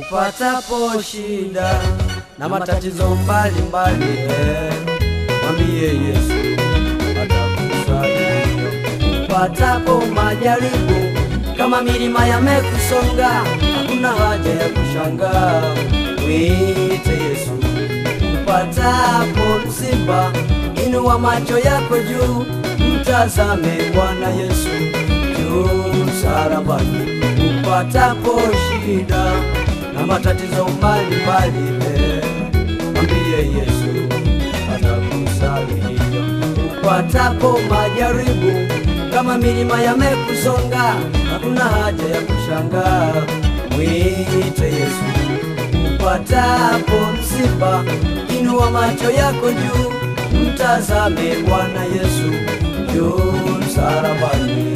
upatapo shida na matatizo mbalimbali mwambie Yesu atakusaidia. Upatapo majaribu kama milima yamekusonga, hakuna haja ya kushangaa, mwite Yesu. Upatapo inu inua macho yako juu, mtazame Bwana Yesu juu sarabani Upatapo shida na matatizo mbalimbali, mwambie Yesu atakusaidia. Upatapo majaribu kama milima yamekusonga, hakuna haja ya kushangaa, mwite Yesu. Upatapo msiba, inua macho yako juu, mtazame Bwana Yesu juu msalabani.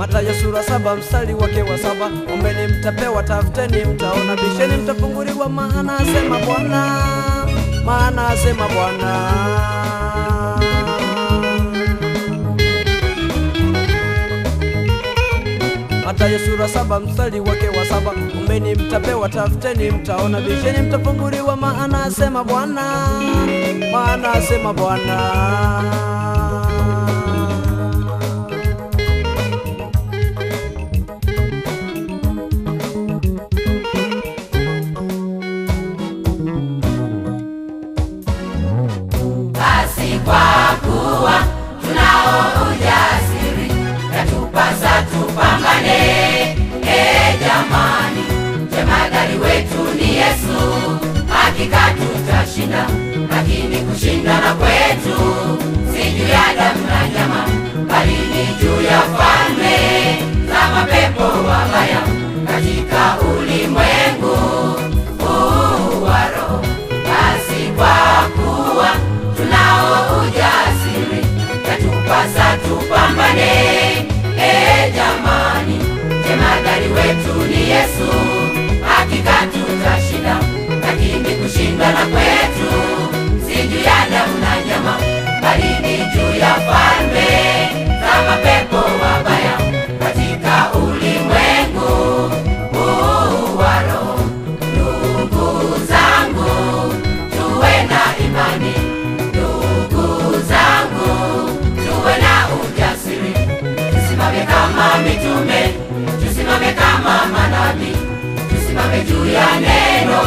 Mathayo sura saba mstari wake wa saba ombeni mtapewa, tafuteni mtaona, bisheni mtafunguliwa, maana asema Bwana, maana asema Bwana. Mathayo sura saba mstari wake wa saba ombeni mtapewa, tafuteni mtaona, bisheni mtafunguliwa, maana asema Bwana, maana asema Bwana. Kushindana kwetu si juu ya damu na nyama, bali ni juu ya falme za mapepo wabaya katika ulimwengu huu wa roho. Basi kwa kuwa tunao ujasiri, yatupasa tupambane. E jamani, jemadari wetu ni Yesu, hakika tutashinda, lakini kushindana kwetu tusimame juu ya neno,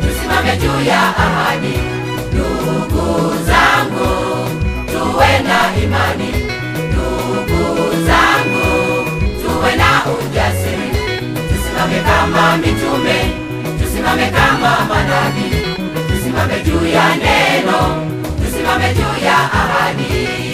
tusimame juu ya ahadi. Ndugu zangu, tuwe na imani. Ndugu zangu, tuwe na ujasiri, tusimame kama mitume, tusimame kama manabii, tusimame juu ya neno, tusimame juu ya ahadi.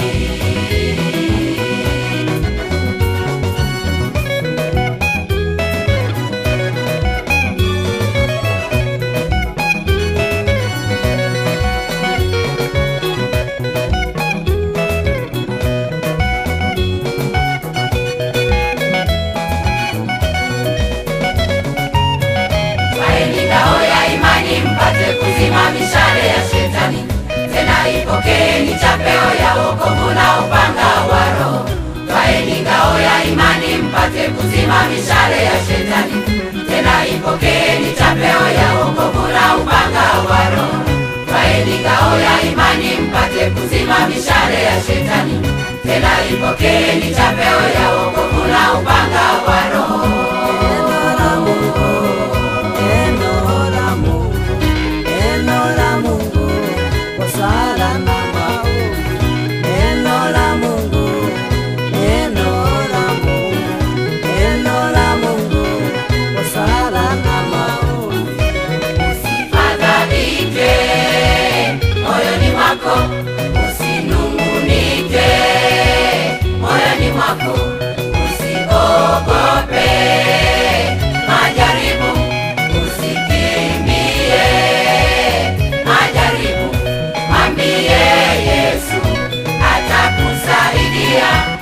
mishale ya shetani, tena ipokeni chapeo ya wokovu na upanga wa Roho. ¡Gracias!